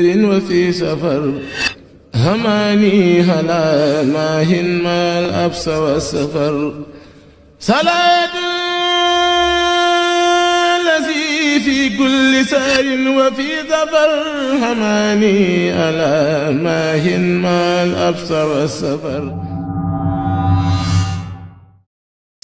وفي سفر هماني هلا ماهن ما الأبس والسفر صلاة الذي في كل سار وفي سفر هماني ألا ماهن ما الأبس والسفر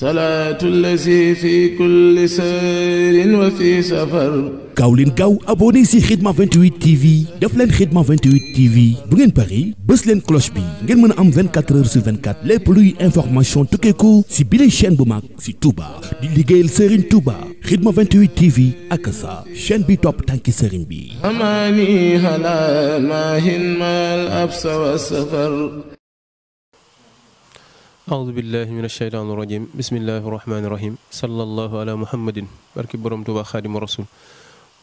صلاة الذي في كل سار وفي سفر gaaw leen gaaw abonné si Khidma 28 TV def leen Khidma 28 TV bu ngeen pari bës leen cloche bi ngeen mën a am 24 heures sur 24 lépp luy information tukkeeku si bile chaîne bu mag si Touba di liggéeyal Serigne Touba Khidma 28 TV ak sa chaîne bi topp tànki Serigne bi. amaani ala maahin maal absa wa safar. aoudu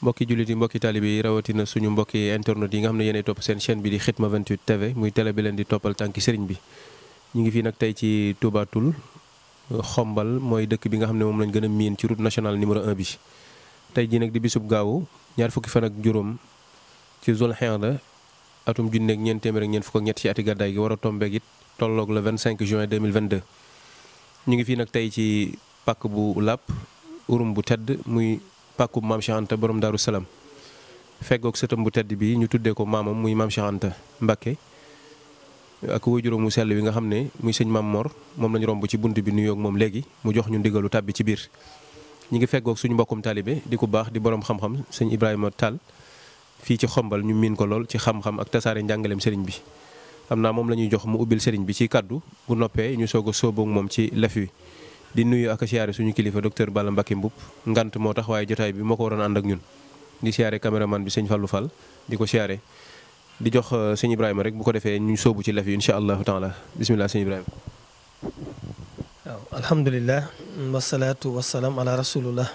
mbokki jullit yi mbokki taalibe yi rawatina suñu mbokki internet yi nga xam ne yéenay topp seen chaîne bi di Khidma 28 TV muy télé bi leen di toppal tànki sëriñ bi ñu ngi fii nag tey ci Touba Toul xombal mooy dëkk bi nga xam ne moom lañ gën a miin ci route nationale numéro 1 bi tey jii nag di bisub gaawu ñaar fukki fan ak juróom ci zone xinda atum junne ak ñeent téeméer ak ñeent fukk ak ñett ci ati gàddaay gi war a tombeeg it tolloog le 25 juin 2022 ñu ngi fii nag tey ci pàkk bu làpp bu tedd muy pàkku maam Cheikh Anta borom Daaru Salaam feggoog sëtam bu tedd bi ñu tuddee ko maamam muy maam Cheikh ak wajuróom mu sell bi nga xam ne muy sëñ Maam Mor moom lañu romb ci bunt bi nuyoo moom léegi mu jox ñu ndigalu tàbbi ci biir ñi ngi feggoog suñu mbokkum taalibe di ku baax di boroom xam-xam sëñ Ibrahima Tall fii ci xombal ñu miin ko lool ci xam-xam ak tasaare njàngaleem sëriñ bi xam naa moom la ñuy jox mu ubbil sëriñ bi ci kàddu bu noppee ñu soog a sóoboo moom ci lef wi di nuyu ak siyaare suñu kilifa docteur bala Mbacké Mboup ngant moo tax waaye jotaay bi moo ko waroon ànd ak ñun di siyaare caméraman bi sëñ Fallou Fall di ko siyaare di jox euh, sëñ Ibrahima rek bu ko defee ñu soobu ci lef yi incha allahu taala bisimilah sëñ Ibrahima. waaw alhamdulilah wasalaatu wasalaam ala rasulillah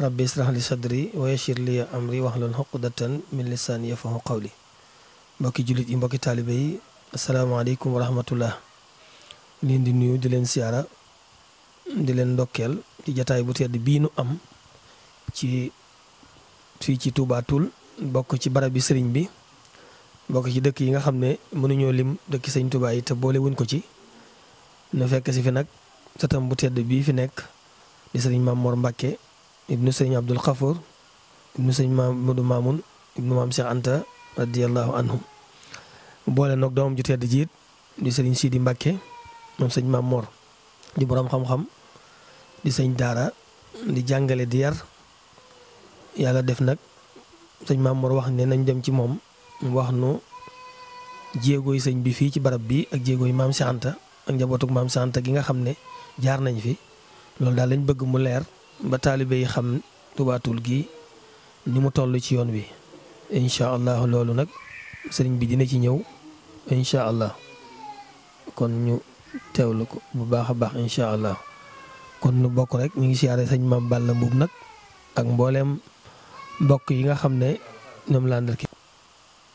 rabbi israh li sadri wa yashir li amri wahlul uqdatan min lisaani yafqahu qawli mbokki jullit yi mbokki taalibe yi asalaamaaleykum wa rahmatullah di nuyu di leen siyaara di leen ndokkeel ci jataay bu tedd bii nu am ci fii ci Touba Toul bokk ci barab sëriñ bi bokk ci dëkk yi nga xam ne mënuñoo lim dëkk sëñ Touba yi te boole wuñ ko ci nu fekk si fi nag sëtam bu tedd bii fi nekk di sëriñ Maam Mor Mbàkke ibnu sëriñ Abdul Xafoor ibnu sëriñ Mamadou Mamoun ibnu maam Cheikh Anta radiallahu anhum boole nag doomam ju tedd jiit di sëriñ Sidi Mbàkke moom sëñ Maam Mor di boroom xam-xam di sëñ daara di jàngale di yar yàlla def nag sëñ Mamour wax ne nañ dem ci moom wax nu jéegooy sëñ bi fii ci barab bi ak jéegooy maam Cheikh Anta ak njabootug maam Cheikh Anta gi nga xam ne jaar nañ fi loolu daal lañ bëgg mu leer ba taalibe yi xam tubaatul gi ni mu toll ci yoon wi incha allah loolu nag sëriñ bi dina ci ñëw incha allah kon ñu teewlu ko bu baax a baax incha allah. kon nu bokk rek ñu ngi siyaare sañ maam Balla Mbuub nag ak mbooleem mbokk yi nga xam ne ñoom laa ndal ki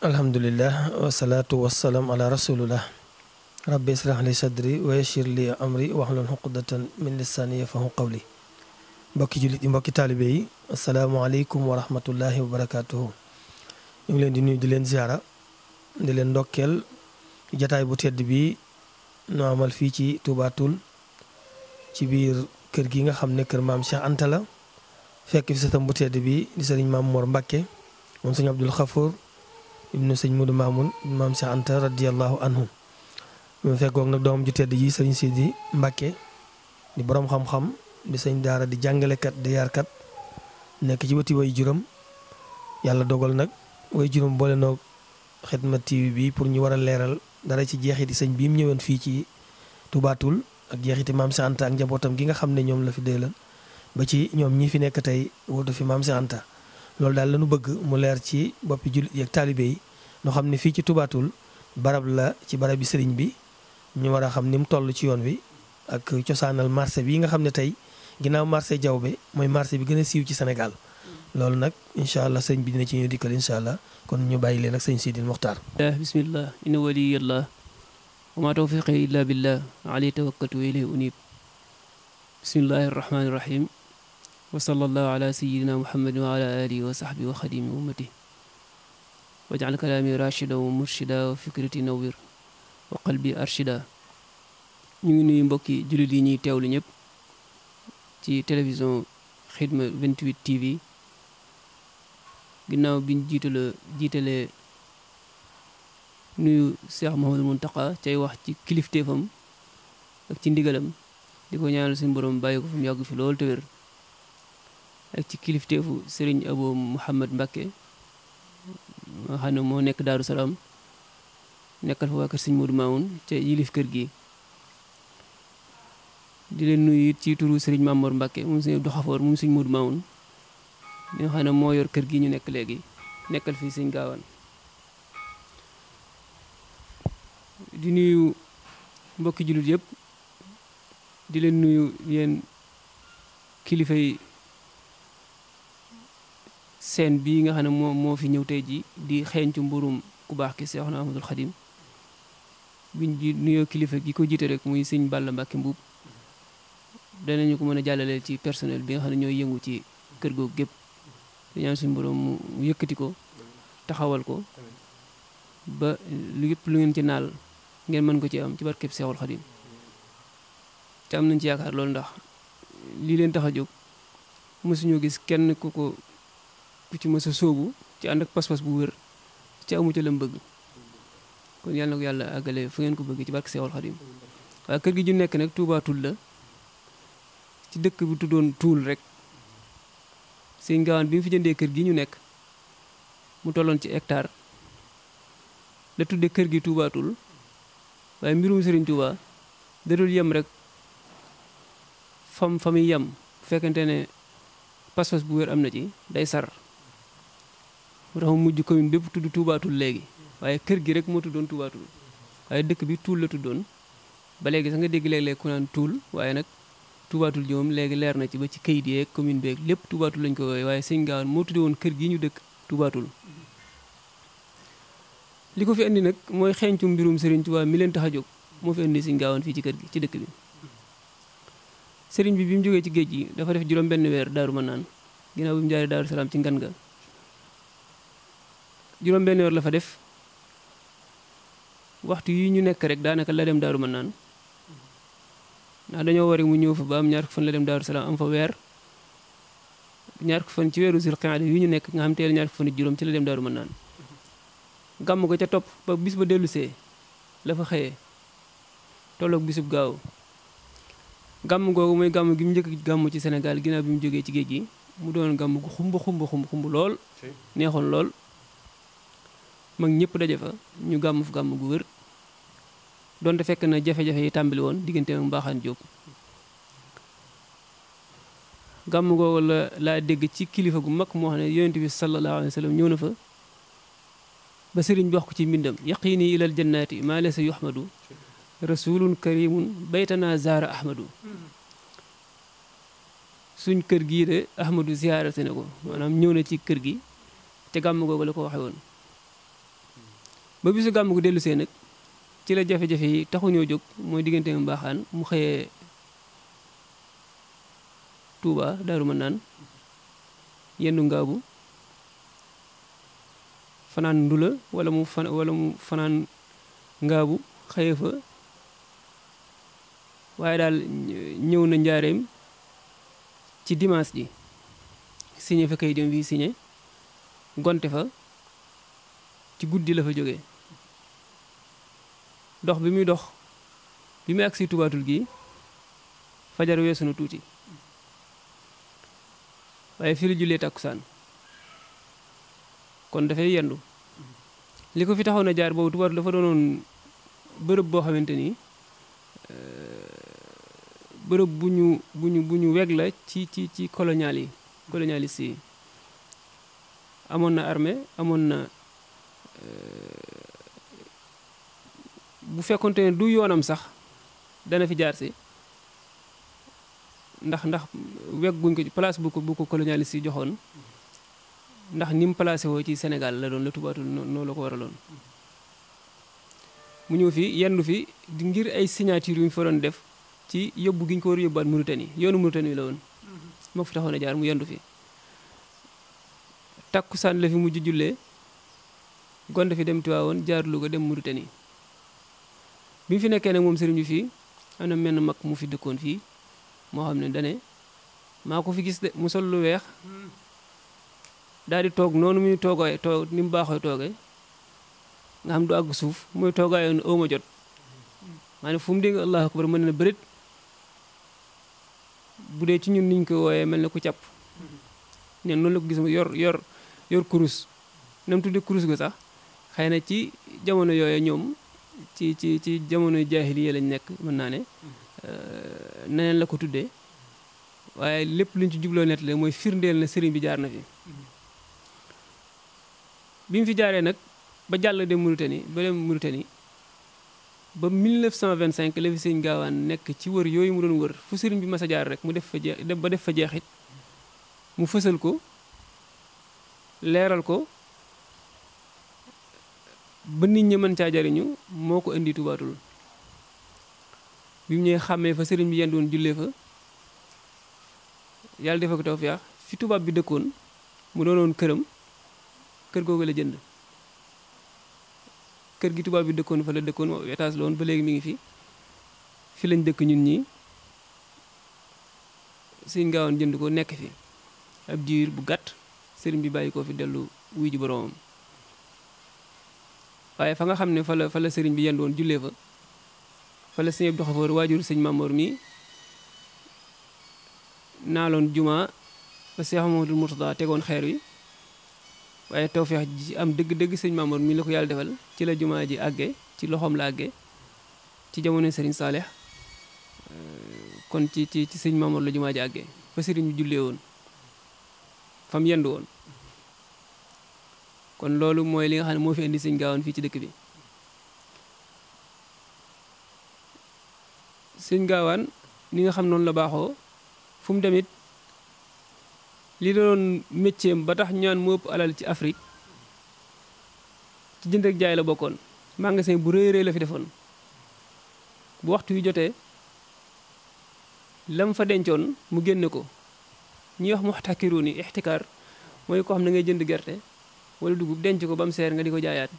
alhamdulilah wasalaatu wasalaam ala rasulillah rabbi israh li sadri wa yashir amri waxlul xuqdatan min lisaani yafahu qawli mbokki jullit yi mbokki wa rahmatullahi wa barakaatuhu ñu ngi leen di nuy di leen ziara di leen ndokkeel jataay bu tedd bi nu amal fii ci Touba Toul ci biir kër gi nga xam ne kër maam Cheikh Anta la fekk fi sëtam bu tedd bi di sëriñ maam Mor Mbacke moom sëñ Abdul Xafour ibnu sëñ Mudu Maamun maam Cheikh Anta radiyallahu anhu mu fekkoog nag doomam ju tedd ji sëriñ Sidi Mbacke di borom xam-xam di sëñ daara di jàngalekat di yarkat nekk ci wati way juróom yàlla dogal nag way juróom boole noog Xidma TV bi pour ñu war a leeral dara ci jeexiti sëñ bi mu ñëwoon fii ci Touba ak jeexiti maam si Anta ak njabootam gi nga xam ne ñoom la fi dee ba ci ñoom ñi fi nekk tey wutu fi maam si Anta loolu daal lañu bëgg mu leer ci boppi jullit yi ak taalibe yi noo xam ne fii ci tubaatul barab la ci barab bi sëriñ bi ñu war a xam ni mu toll ci yoon wi ak cosaanal marché bi nga xam ne tey ginnaaw marché Diaobé mooy marché bi gën a siiw ci Sénégal loolu nag incha allah sëriñ bi dina ci ñu dikkal incha allah kon ñu bàyyi leen ak sëriñ Sidil Muxtaar bismillah wa ma tawfiqi illa billah alayhi tawakkaltu wa unib bismillahi rahmani rahim wa sallallahu ala sayyidina muhammadin wa ala alihi wa sahbihi wa xadimi wa ummati wajal kalaami rachida wa murshida wa fikrati nawir wa qalbi arshida ñu ngi nuyu mbokki jullit yi ñuy teewlu ñëpp ci télévision xidma 28 TV ginnaaw biñ jiitala jiitalee nuyu Cheikh Mouhamadou Mountakha cay wax ci kilifteefam ak ci ndigalam di ko ñaanal suñu borom bàyyi ko fa mu fi loolu te ak ci kilifteefu Serigne Abo Mouhamed Mbakke nga xam ne moo nekk Daaru Salaam nekkal fa waa kër Serigne kër gi di leen nuyu it ci turu Serigne Mamour Mbakke xam ne moo yor kër gi ñu nekk léegi nekkal fii Serigne gaawan di nuyu mbokki jullit yépp di leen nuyu yéen kilifa yi seen bi nga xam ne moo moo fi ñëw tey ji di xeeñcu mburum ku baax ki Seexna Ahmadul Xadim biñ di nuyoo kilifa gi ko jiite rek muy sëñ Balla Mbàkke Mbuub danañu ko mën a jàllaleel ci personnel bi nga xam ne ñooy yëngu ci kër googu gépp dañaan suñu borom mu yëkkati ko taxawal ko ba lépp lu ngeen ci naal ngeen mën ko ci am ci barkeb Seexul Xadim te am nañ ci yaakaar loolu ndax lii leen tax a jóg mësuñoo gis kenn ku ko ku ci mës a ci ànd ak pas bu wër ci amu ca lam bëgg kon yàlla na ko yàlla àggale fu ngeen ko bëgg ci barke Seexul Xadim waaye kër gi ju nekk nag Tuubaa la ci dëkk bi tuddoon Tuul rek sëñ gaawaan bi mu fi jëndee kër gi ñu nekk mu tolloon ci hectare la tudde kër gi tuubaatul waaye mbirum sëriñ Touba dadul yem rek fam famuy yem fekkente ne pas-pas bu wér am na ci day sar mu tax mu mujj commune bépp tudd tuubaatul léegi waaye kër gi rek moo tuddoon tuubaatul waaye dëkk bi tuul la tuddoon ba léegi sax nga dégg léeg-léeg ku naan tuul waaye nag tuubaatul ji moom léegi leer na ci ba ci kayit yeeg commune beeg lépp tuubaatul lañ ko woowee waaye sëñ Gaawaan moo tudde woon kër gi ñu dëkk tuubaatul li ko fi indi nag mooy xeeñtu mbirum Serigne Touba mi leen tax a jóg moo fi indi Serigne gaawan fii ci kër gi ci dëkk bi Serigne bi bi mu jógee ci géej gi dafa def juróom benn weer daaru ma naan ginnaaw bi mu jaaree daaru salaam ci ngan ga juróom benn weer la def waxtu yi ñu nekk rek daanaka la dem daaru ma naan ndax dañoo war mu ñëw fa ba am ñaar ko fan la dem daaru salaam am fa weer ñaar ko fan ci weeru Zulqaada yi ñu nekk nga xam teel ñaar ko ci la dem daaru ma naan gàmm ko ca topp ba bis ba dellusee la fa xëyee tolloog bisub gaaw gàmm googu mooy gàmm gi mu njëkk gàmm ci senegal ginnaaw bi mu jógee ci géej gi mu doon gàmm gu xumb xumb xumb xumb lool neexoon lool mag ñëpp daje fa ñu gàmm fu gu wër donte fekk na jafe yi tàmbali woon diggante ak mbaaxaan jóob gàmm googu la laa dégg ci kilifa gu mag moo xam ne yonent bi sallallahu alayhi ñëw na fa ba sëriñ bi ko ci mbindam yaqini ilal jannati maa laysa yuhmadu rasulun karimun baytana zaara ahmadu suñ kër gii de ahmadu ziyaarate na ko maanaam ñëw na ci kër gi te gàmm googu la ko waxe woon ba bisu gàmm gu dellu see nag ci la jafe-jafe yi taxuñoo jóg mooy diggante mu baaxaan mu xëyee Touba Daaru Manaan yenn ngaabu fanaan ndula wala mu fan wala mu fanaan ngaabu xëye fa waaye daal ñëw na njaareem ci dimaas ji signé fa kayitam wi signé gonte fa ci guddi la fa jógee dox bi muy dox bi muy agsi tubaatul gi fajar weesu na tuuti waaye fi la jullee tàkkusaan kon dafay yendu li ko fi taxaw na jaar boobu tubaab dafa doonoon bërëb boo xamante ni euh, bërëb bu ñu bu ñu bu ñu weg la ci ci ci colonial yi colonialiste yi amoon na armée amoon na euh, bu fekkonte ne du yoonam sax dana fi jaar si ndax ndax weg guñ ko place bu ko bu ko colonialiste yi joxoon ndax ni mu placé woo ci Sénégal la doon la tubaatul noo la ko waraloon mu ñëw fi yendu fi di ngir ay signature yu ñu fa doon def ci yóbbu gi ñu ko war a yóbbaat Mauritanie yoonu Mauritanie la woon fi taxoon a jaar mu yendu fi takkusaan la fi mujj jullee gonde dem Tiwaawoon jaar Louga dem mu fi nekkee nag moom sëriñ bi fii am na menn mag mu fi dëkkoon fii moo xam ne dane maa ko fi gis de mu sol lu weex daal di toog noonu muy toogooy toog ni mu baaxooy toogee nga xam du àgg suuf muy toogaayoo ne ma jot maanaam fu mu dégg allahu akbar mën na bërit bu dee ci ñun niñ ko wooyee mel na ku càpp ne noonu la ko gis mu yor yor yor kurus nam tudde kurus ga sax xëy na ci jamono yooyu ñoom ci ci ci jamono jaahiliya lañ nekk mën naa ne euh, neneen la ko tuddee waaye lépp luñ ci jubloo net la mooy firndeel na sëriñ bi jaar na fi bi mu fi jaaree nag ba jàll dem Mauritanie ba dem Mauritanie ba 1925 la fi sëñ gaawaan nekk ci wër yooyu mu doon wër fu sëriñ bi mas a jaar rek mu def fa jeex ba def fa jeexit mu fësal ko leeral ko ba nit ñi mën caa jariñu moo ko indi tubaatul bi mu ñëwee xàmmee fa sëriñ bi yendoon jullee fa yàlla defal ko tawfeex fi tubaab bi dëkkoon mu doonoon këram kër jënd kër gi tubaab bi dëkkoon fa la dëkkoon étage la ba léegi mi ngi fi fi lañ dëkk ñun ñi sëñ gaawoon jënd ko nekk fi ab diir bu gàtt sëriñ bi bàyyi ko fi dellu wuy boroomam waaye fa nga xam ne fa la fa la sëriñ bi yendu woon jullee fa fa la sëñ Abdou Xafoor waajur sëñ Mamoor mi naaloon juma ba Seex Mamadul Murtada tegoon xeer wi waaye tawfeex ji am dëgg-dëgg sëñ Mamour mi la ko yàlla defal ci la jumaa ji àggee ci loxoom la àggee ci jamono sëriñ Saalix euh, kon ci ci sëñ Mamour la jumaa ji àggee fa sëriñ bi jullee woon fam yendu woon kon loolu mooy li nga xam ne moo fi indi sëñ Gaawaan fii ci dëkk bi sëñ Gaawaan ni nga xam noonu la baaxoo fu mu demit li doon métier ba tax ñaan moo ëpp alal ci Afrique ci jënd jaay la bokkoon magasin bu rëy rëy la fi defoon bu waxtu wi jotee lam fa dencoon mu génne ko ñuy wax muxtakiruun yi ixtikaar mooy ko xam na ngay jënd gerte wala dugub denc ko ba mu seer nga di ko jaayaat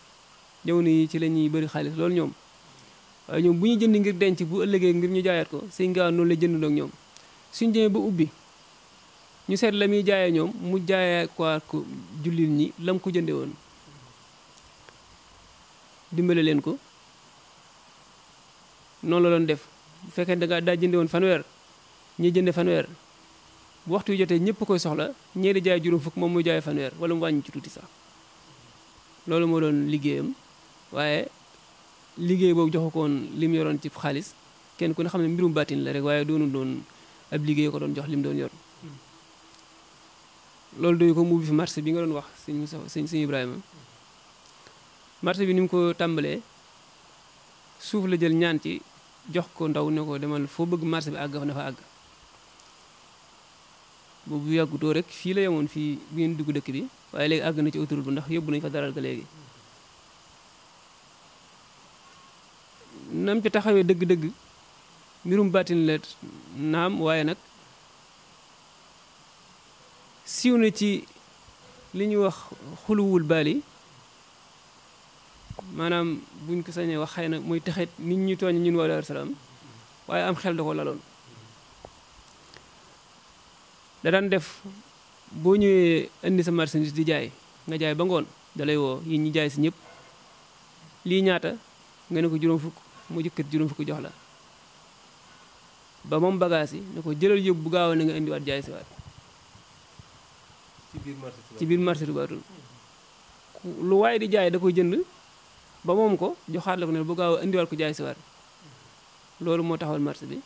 jamono yi ci la ñuy bëri xaalis loolu ñoom waaye ñoom bu ñu jënd ngir denc bu ëllëgee ngir ñu jaayaat ko sëñ gaaw noonu la jënd doog ñoom suñ demee ba ubbi ñu seet la muy jaayee ñoom mu jaayee quoi ko jullit ñi lam ko jënde woon dimbale leen ko noonu la doon def bu fekkee da nga daa jënde woon fanweer ñi jënde fanweer bu waxtu yu jotee ñëpp koy soxla ñee di jaay juróom fukk moom muy jaay fanweer wala mu wàññi ci tuuti sax loolu moo doon liggéeyam waaye liggéey boobu joxu koon woon lim yoroon ci xaalis kenn ku ne xam ne mbirum baatin la rek waaye doonu doon ab liggéey ko doon jox lim doon yor loolu doyu ko mu ubbi fi marché bi nga doon wax sëñ Moussa sëñ sëñ Ibrahima marché bi ni mu ko tàmbalee suuf la jël ñaan ci jox ko ndaw ne ko demal foo bëgg marché bi àgg na fa àgg boobu yàggutoo rek fii la yemoon fii bi ngeen dugg dëkk bi waaye léegi àgg na ci autoroute bu ndax yóbbu nañu fa daral ga léegi nam ci taxawee dëgg-dëgg mbirum baatin la naam waaye nag siiw na ci li ñuy wax xuluwul baali maanaam buñ ko sañee wax xëy na muy taxit nit ñi tooñ ñun waa Daaru Salaam waaye am xel da ko laloon da daan def boo ñëwee indi sa marchandise di jaay nga jaay ba ngoon dalay woo yi ñi jaay si ñëpp lii ñaata nga ne ko juróom fukk mu jëkkat juróom fukki jox la ba moom bagage yi ne ko jëlal yóbbu bu gaaw ne nga indiwaat jaay si waat ci biir marché Touba Toul lu waaye di jaay da koy jënd ba moom ko joxaat la ko ne bu gaaw a ko jaay si waat loolu moo taxool marché bi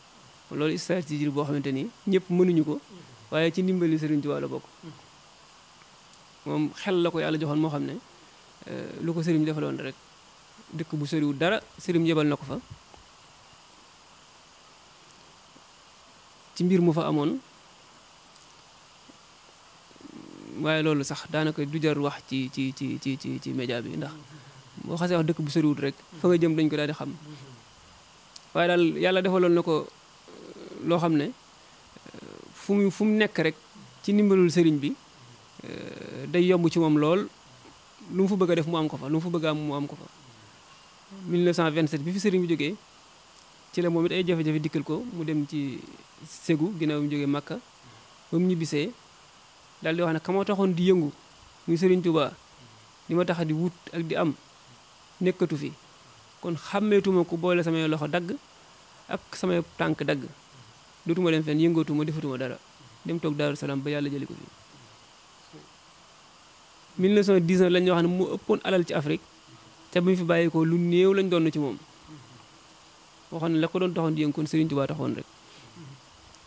loolu stratégie boo xamante ni ñëpp mënuñu ko waaye ci ndimbali sëriñ Touba la bokk moom xel la ko yàlla joxoon moo xam ne eh, lu ko sëriñ defaloon rek dëkk bu soriwul dara Serigne yebal na ko fa ci mbir mu fa amoon waaye loolu sax daanaka du jar wax ci ci ci ci ci ci média bi ndax boo xasee wax dëkk bu soriwut rek fa nga jëm dañ ko daal di xam waaye daal yàlla defaloon na ko euh, loo xam ne euh, fu mu fu nekk rek ci ndimbalul sëriñ bi euh, day yomb ci moom lool lu mu fa bëgg a def mu am ko fa lu mu fa bëgg a am mu am ko fa 1927 bi fi sëriñ bi jógee ci la moom it ay jafe-jafe dikkal ko mu dem ci Ségou ginnaaw bi mu jógee Makka ba mu ñibbisee daal di wax na ka ma taxoon di yëngu muy Serigne Touba li ma tax di wut ak di am nekkatu fi kon xàmmeetuma ku boole samay loxo dagg ak samay tànk dagg dootuma dem fenn yëngootuma defatuma dara dem toog Daaru Salaam ba yàlla jëli ko fi. 1919 lañ ñu wax ne mu ëppoon alal ci Afrique te bu ñu fi bàyyeekoo lu néew lañ doon na ci moom waxoon ne la ko doon taxoon di yëngu kon Serigne Touba taxoon rek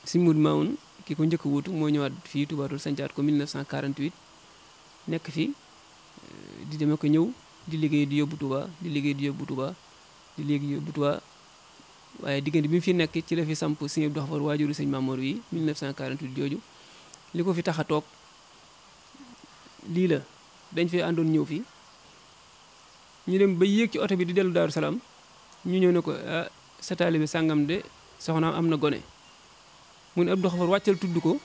si mut maawun ki ko njëkk wuutu moo ñëwaat fii Touba Toul sancaat ko 1948 nekk fi euh, di deme ko ñëw di liggéey di yóbbu Touba di liggéey di yóbbu Touba di léegi yóbbu Touba waaye diggante bi mu fi nekk ci la fi samp Sëñ Abdou Khafar waajuru Sëñ Mamour yi 1948 jooju li ko fi tax a toog lii la dañ fee àndoon ñëw fi ñu dem ba yéeg ci oto bi di dellu Daaru Salaam ñu ñëw ne ko ah, sa taalibe sàngam de soxnaam am na gone mu ne Abdou Xafar wàccal tudd ko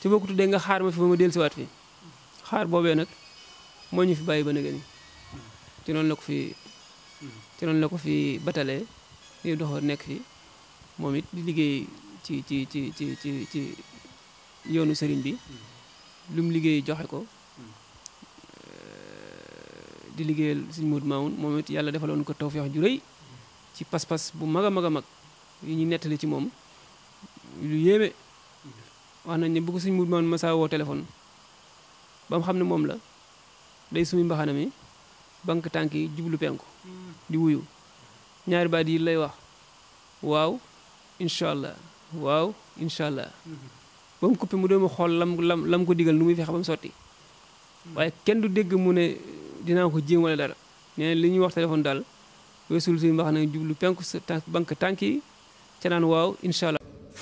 ca boo ko tuddee nga xaar ma fi ba ma dellusiwaat fi xaar boobee nag moo ñu fi bàyyi ba nëgëni ko fi ci noonu ko fi batale ni nekk fi moom it di liggéey ci ci ci ci ci ci yoonu sëriñ bi lu liggéey joxe ko di liggéeyal sëñ Moodu Maawun moom it yàlla defaloon ko tawfeex ju rëy ci pas-pas bu mag a mag a mag yi ñu nettali ci moom lu yéeme wax nañ ni bu ko sëñ mu man masa woo téléphone ba xam ne moom la day sumi mbaxana mi bank tànk yi jublu penku di wuyu ñaari baat yi lay wax waaw incha allah waaw incha allah ba mu coupé xool lam lam lam ko digal nu muy fexe ba sotti waaye kenn du dégg mu ne dinaa ko jéem wala dara nee li ñuy wax téléphone daal weesul suñu mbaxana jublu penku sa tànk bank tànk yi ca naan waaw incha